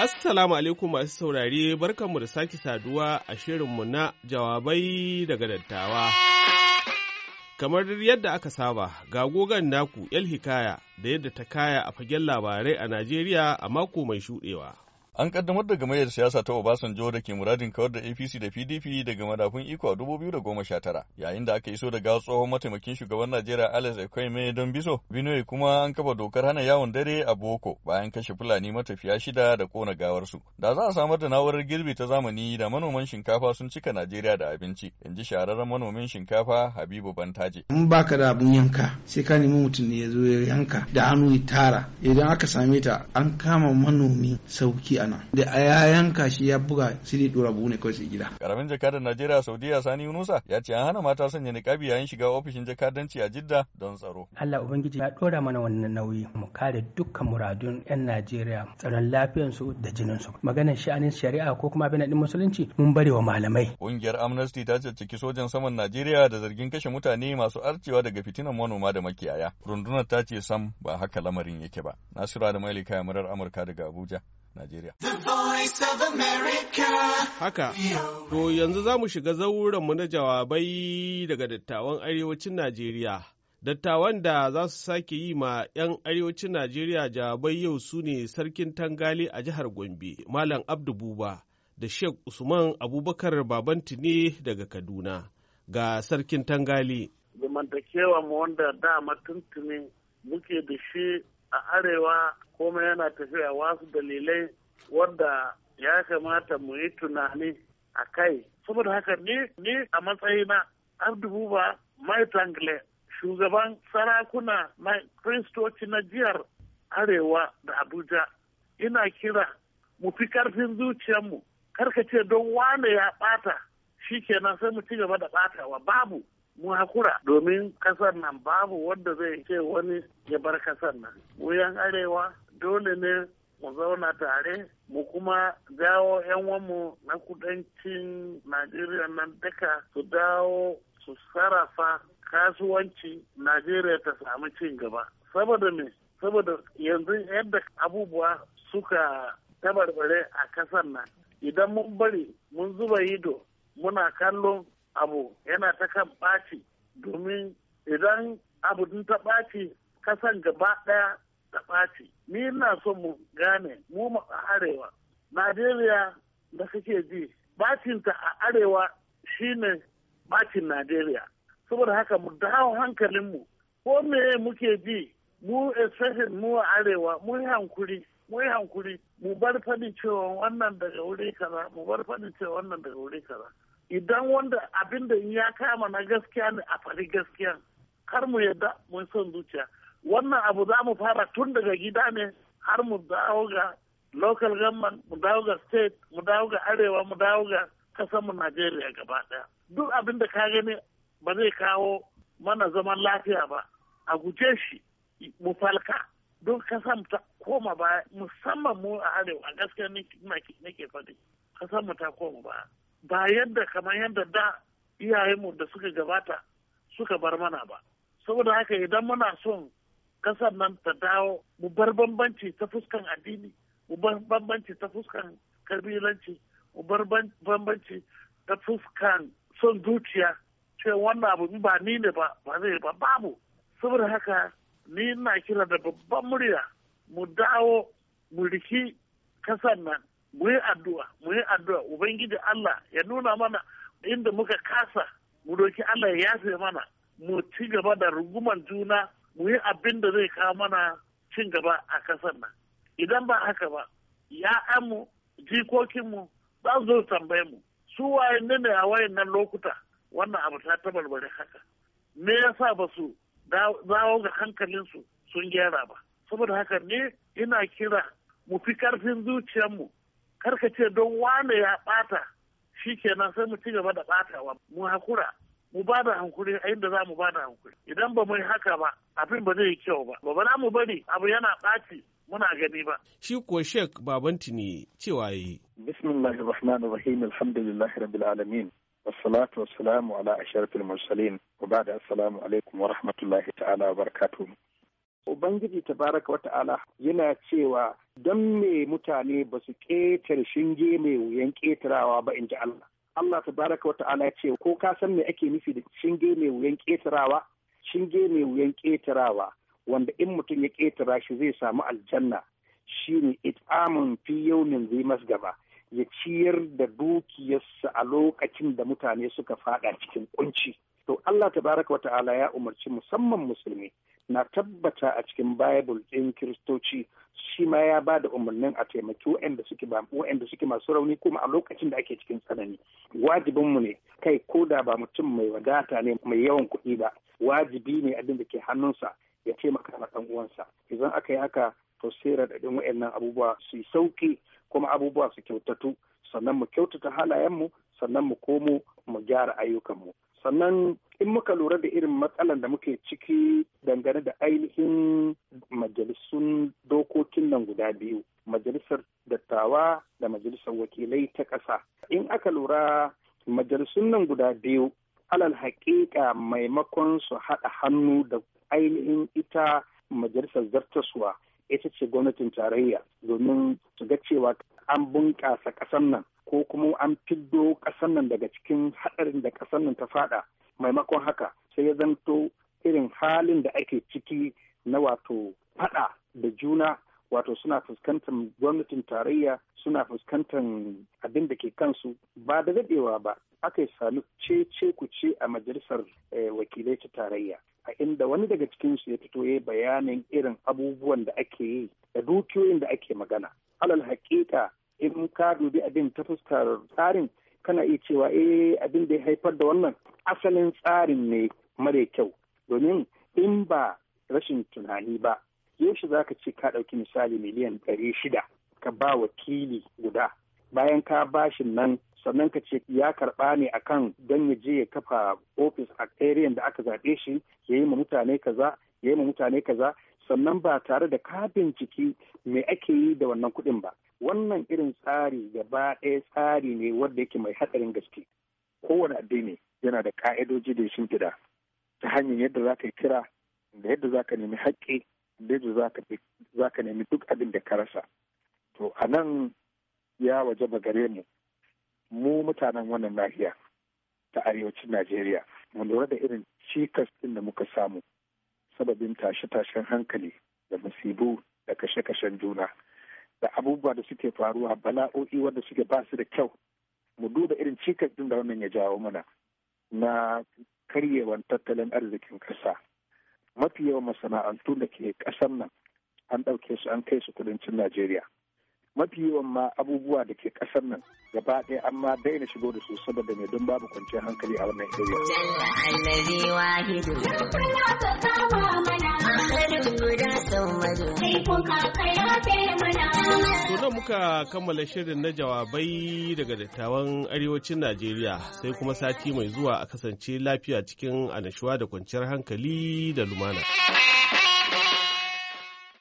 Assalamu alaikum masu saurare barkanmu da sake saduwa a shirinmu na jawabai daga dattawa. Kamar yadda aka saba, ga gogon naku 'yar Hikaya da yadda ta kaya a fagen labarai a Najeriya a mako mai shuɗewa. An kaddamar da gamayyar siyasa ta Obasanjo da ke muradin kawar da APC da PDP daga madafun iko a dubu sha tara, yayin da aka iso da gawo tsohon mataimakin shugaban Najeriya Alex Ekweme don biso. Binoy kuma an kafa dokar hana yawon dare a Boko bayan kashe Fulani matafiya shida da kona gawarsu. Da za a samar da na'urar girbi ta zamani da manoman shinkafa sun cika Najeriya da abinci, in ji shahararren manomin shinkafa Habibu Bantaje. In baka da abin yanka sai ka nemi mutum ne ya zo ya yanka da hannu ya tara idan aka same ta an kama manomi sauki a nan da a ya yanka shi ya buga sai dai dora buhu kawai sai gida karamin jakadan Najeriya Saudiya Sani Yunusa ya ce an hana mata sanya niqabi yayin shiga ofishin jakadanci a Jidda don tsaro Allah ubangiji ya dora mana wannan nauyi mu kare dukkan muradun yan Najeriya tsaron su da jinin su. maganar sha'anin shari'a ko kuma abin musulunci mun bari wa malamai kungiyar Amnesty ta cicciki sojan saman Najeriya da zargin kashe mutane masu arcewa daga fitinan manoma da makiyaya rundunar ta ce sam ba haka lamarin yake ba nasira da Maili kayan murar Amurka daga Abuja, Najeriya. Haka, to yanzu za mu shiga zauranmu na jawabai daga dattawan arewacin Najeriya. Dattawan da za su sake yi ma 'yan arewacin Najeriya jawabai yau su ne Sarkin Tangali a jihar Gombe, Malam Abdu da Sheikh Usman Abubakar Babanti ne daga Kaduna, ga Sarkin Tangali. Zamantakewa mu wanda dama tuntuni muke da shi a arewa kuma yana tafiya wasu dalilai wanda ya kamata mu yi tunani a kai saboda haka ni a matsayina abdububa mai tangle shugaban sarakuna na kristoci na jihar arewa da abuja ina kira mu fi karfin zuciyarmu karkace don wane ya bata shi kenan sai mu ci gaba da batawa babu mu hakura domin kasar nan babu wanda zai ce wani ya bar kasar nan wuyan arewa dole ne mu zauna tare mu kuma dawo 'yan wanmu na kudancin najeriya nan duka su dawo su sarrafa kasuwanci najeriya ta samu cin gaba saboda me saboda yanzu yadda abubuwa suka tabarbare a kasar nan idan mun bari mun zuba ido muna kallon abu yana ta kan ɓaci domin idan abu ta ɓaci kasan gaba ɗaya ta ɓaci ni ina so mu gane mu arewa najeriya da kake ji bacinta a arewa shine bacin najeriya saboda haka mu dawo hankalinmu ko me muke ji mu especially mu a arewa mu yi hankuri mu yi hankuri mu bar fadi cewa wannan daga wuri kaza mu bar fadi cewa wannan daga wuri kaza idan wanda abin da ya kama na gaskiya ne a fari gaskiya kar mu yadda mun son zuciya wannan abu za mu fara tun daga gida ne har mu dawo ga local government mu dawo ga state mu dawo ga arewa mu dawo ga kasanmu najeriya gaba daya duk abin da ka gani ba zai kawo mana zaman lafiya ba a guje shi mu falka don kasan ta koma ba musamman mu a arewa gaskiya nake faɗi kasan mu ta koma ba ba yadda kamar yadda da iyayenmu da suka gabata suka bar mana ba saboda haka idan muna son ƙasar nan ta dawo mu bar bambanci ta fuskan addini mu bar bambanci ta fuskan kabilanci mu bar bambanci ta fuskan son zuciya ce wannan abu ba ni ne ba ba zai ba babu saboda haka ni na kira da babban murya mu dawo mu riki kasar nan mu yi addu'a mu yi addu'a ubangiji Allah ya nuna mana inda muka kasa mu doki Allah ya yafe mana mu ci gaba da ruguman juna mu yi abin da zai kawo mana cin gaba a kasar nan idan ba haka ba ya amu jikokinmu za su zo tambaye mu su waye ne ne a wayan nan lokuta wannan abu ta tabarbare haka me yasa ba su dawo ga hankalinsu sun gyara ba saboda haka ne ina kira mu fi karfin zuciyarmu ce don wane ya bata kenan sai mu ci gaba da batawa mu hakura mu ba da hankuri a inda za mu ba da hankuri idan ba mu yi haka ba abin ba zai yi kyau ba ba za mu bari abu yana ɓaci muna gani ba. Shi ko Sheikh Babanti ne cewa yi. Bismillahir Rahmanir Rahim Alhamdulillahi Rabbil Alamin. Wassalatu wassalamu ala asharfil mursalin wa ba'da assalamu alaikum wa rahmatullahi ta'ala wa barakatuh. Ubangiji tabaraka wata'ala yana cewa don me mutane ba su ƙetare shinge mai wuyan ketarawa ba in ji Allah. Allah tabaraka wa ta'ala ya ce ko ka san me ake nufi da shinge mai wuyan ƙetarawa shinge mai wuyan ƙetarawa wanda in mutum ya ƙetara shi zai samu aljanna shine it'amun fi yaumin zai masgaba ya ciyar da dukiyarsa a lokacin da mutane suka fada cikin kunci to Allah tabaraka wa ta'ala ya umarci musamman musulmi na tabbata a cikin bible ɗin kiristoci shi ma ya ba da umarnin a taimaki waɗanda suke ba masu rauni kuma a lokacin da ake cikin tsanani wajibinmu ne kai ko da ba mutum mai wadata ne mai yawan kuɗi ba wajibi ne abin da ke hannunsa ya taimaka ma ɗan uwansa idan aka yi haka to sai raɗaɗin waɗannan abubuwa su yi sauƙi kuma abubuwa su kyautatu sannan mu kyautata halayenmu sannan mu komo mu gyara ayyukanmu sannan in muka lura da irin matsalar da muke ciki dangane da ainihin majalisun dokokin nan guda biyu majalisar dattawa da majalisar wakilai ta ƙasa in aka lura majalisun nan guda biyu alal haƙiƙa maimakon su haɗa hannu da ainihin ita majalisar zartaswa ita ce gwamnatin tarayya domin su ga cewa an bunƙasa ƙasar nan ko kuma an fiddo ƙasar nan daga cikin haɗarin da ƙasar nan ta faɗa maimakon haka sai ya zanto irin halin da ake ciki na wato faɗa da juna wato suna fuskantar gwamnatin tarayya suna fuskantar abin da ke kansu ba da daɗewa ba aka yi sami cece ku ce a majalisar eh, wakilai ta tarayya a inda wani daga cikinsu ya fito ya bayanin irin abubuwan da ake yi da dukiyoyin da ake magana alal haƙiƙa in ka dubi abin ta fuskar tsarin kana iya cewa eh abin da ya haifar da wannan asalin tsarin ne mare kyau domin in ba rashin tunani ba yaushe za ka ce ka ɗauki misali miliyan ɗari shida ka ba wakili guda bayan ka bashin nan sannan ka ce ya karɓa ne akan don ya je ya kafa ofis a area da aka zaɓe shi ya yi ma mutane kaza ya yi ma mutane kaza sannan ba tare da ka binciki me ake yi da wannan kuɗin ba wannan irin tsari gaba ɗaya tsari ne wanda yake mai haɗarin gaske kowane addini yana da ka'idoji da gida ta hanyar yadda za ka yi kira da yadda za ka nemi haƙƙi da yadda za ka nemi duk abin da ka rasa to a nan ya waje gare mu mu mutanen wannan nahiya ta arewacin najeriya mu lura da irin cikas ɗin da muka samu sababin tashe-tashen hankali da musibu da kashe-kashen juna da abubuwa da suke faruwa bala'o'i wanda suke ba su da kyau mu duba irin cikas ɗin da wannan ya jawo mana na karyewan tattalin arzikin ƙasa mafi yawan masana'antu da ke ƙasar nan an ɗauke su an kai su kudancin najeriya mafi yawan ma abubuwa da ke kasar nan gaba ɗaya an ma daina shigo da su saboda mai don babu kwanciyar hankali a wannan area. Jalla muka kammala shirin na jawabai daga dattawan arewacin Najeriya sai kuma sati mai zuwa a kasance lafiya cikin annashuwa da kwanciyar hankali da lumana.